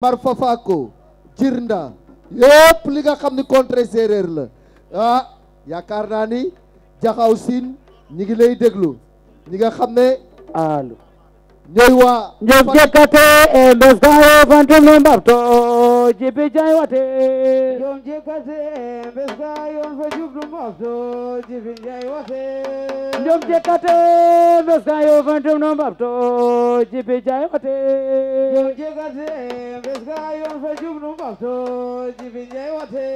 mar Fafako jirnda yëpp li nga xam ni contre séeréer la ah yaakaar naa ni jaxaw siin ñi ngi lay déglu ñi nga xam ne alo ñooy waa ñoom jekkate e mbesdayo fantumne mbabto o jebe jay wate jom je kase beska yon fe jublu mabso jibin jay wate jom je kate beska yon fe jublu mabso jebe jay wate jom je kase beska yon fe jublu mabso jibin jay wate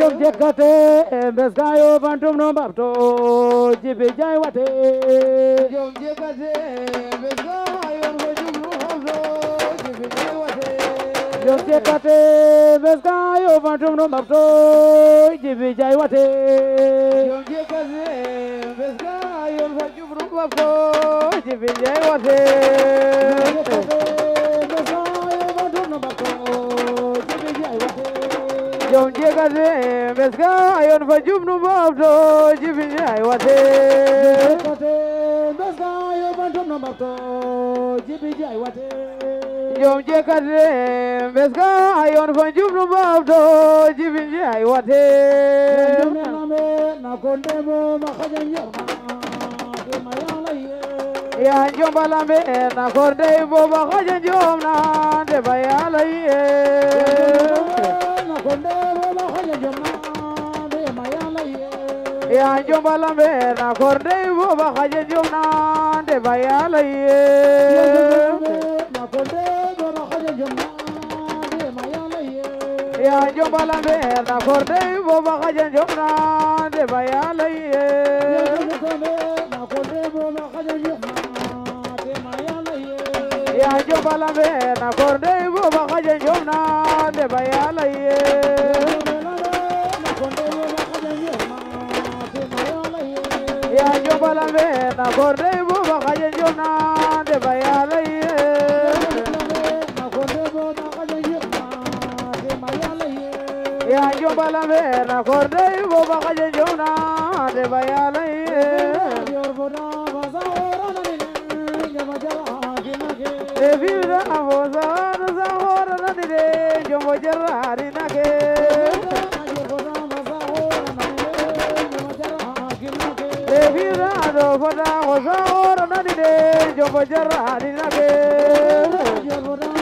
jom je kate beska yon fe jublu mabso jebe jay wate jom je kate beska Jekate beska yo fantum no mapso jibi jai wate. Jekate beska yo fantum no mapso jibi jai wate. Jom jekate beska yo fantum no mapso jibi jai wate. Jekate beska yo fantum no mapso jibi jai wate. jom jekate bes ka ayon fo jubnu babto jibin je ay wate na kondemo makhajanjo ya jombala me na kondemo makhajanjo na de bayala ye na kondemo makhajanjo na de bayala ye ya jombala me na kondemo makhajanjo na de bayala ye ya jombala be na korde bo ba khajan jomna de ba khajan jomna de na korde bo ba khajan jomna de ba khajan ya jombala mena korday bo baga je jona de bayalay yorboda bazahora nalin jama jara aginake e bira avoza zahora nadire jombo jara arinake e bira adogoda zahora nadire jombo jara arinake yorboda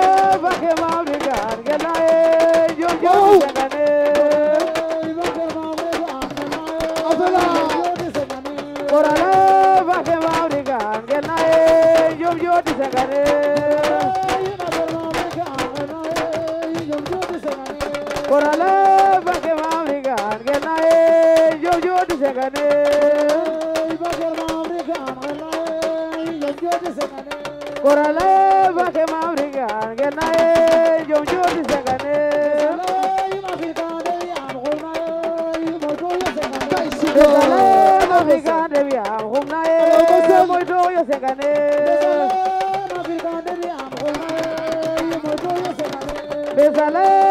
korale fake ma afrikan gena ye jom jodi sekane korale ma afrikan de bi am khumna ye moy do yo sekane besale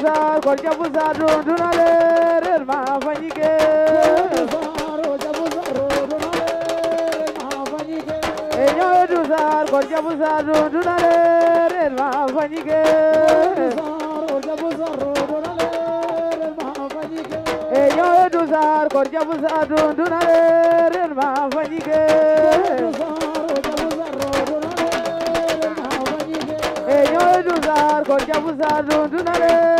Busa Korja Busa Dunduna le Rel ma fanyike Enyo Dusa Korja Busa Dunduna le Rel ma fanyike Enyo Dusa Korja Busa Dunduna le Rel ma fanyike Enyo Dusa Korja Busa Dunduna le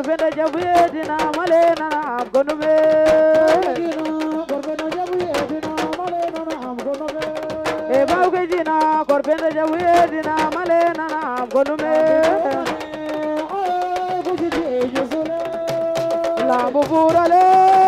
gorbeɗo jabu yeedina malenana am gono ɓe e bawke jina gorbeɗo jabu yeedina malenana am gono ɓe laamu buurale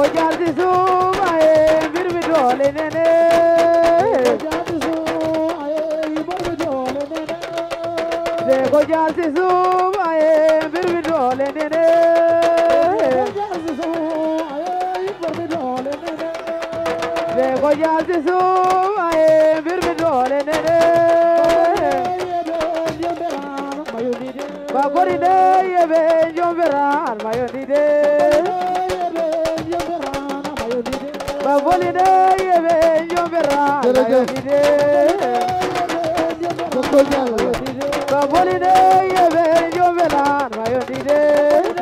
ko jaar ci suuf aye mbir mi doole nene ko jaar ci suuf aye mbir mi doole nene de ko jaar ci suuf aye mbir mi doole nene ko jaar ci suuf aye mbir mi doole nene de ko jaar ci suuf aye mbir mi doole nene ba gori de yebe jomberan mayo di de Raboli de yebe yombera Raboli de Raboli de yebe yombera Raboli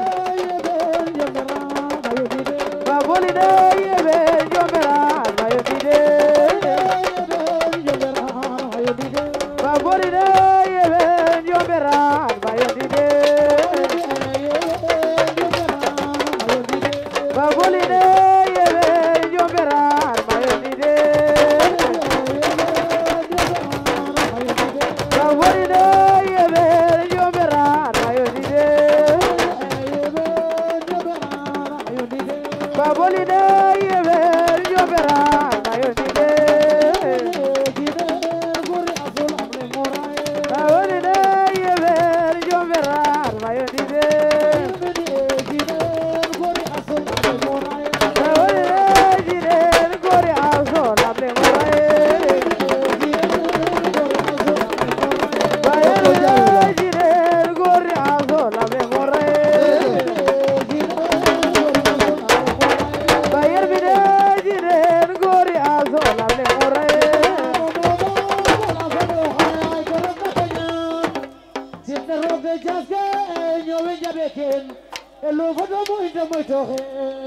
hen elo foto moyta moyto xe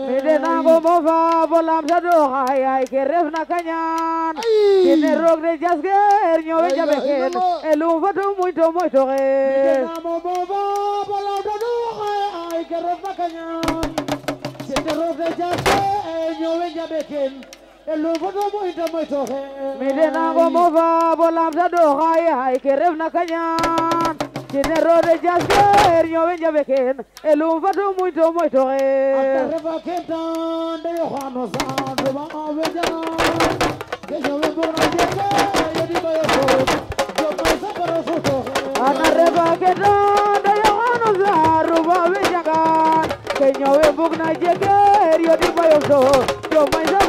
mide nango mofa fo lam sa doxa yaay ke refna kañaan kene roog de jaskeer ñoowe jaɓe keen elum foto moyto moyto xe midenamo mofa fo lam sa doxa de jaskeer ñoowe jaɓe keen elum foto moyta yaay ke er refna kañaan generore jasper ñoɓe jaɓe ken e lum fatu muyto moyto e atareba ketan de yohano sandoba ɓe jam ke ñoɓe bogna jeke yediɓayo fo jomay sabara soto anareba ketan de yohano saruba ɓe jagan ke ñoɓe bogna jeke yediɓayo so jomay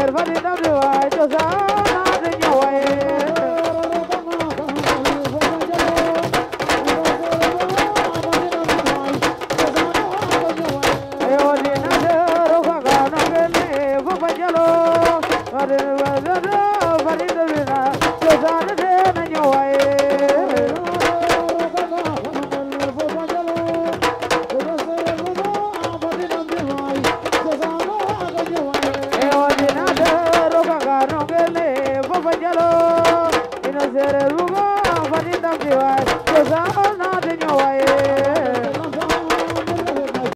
reer fa di ndaw di waay cosaan a di ñëwaay yoo di na deeru fa gaa na genne fa fa jalo fa di na fa di ndaw di na cosaan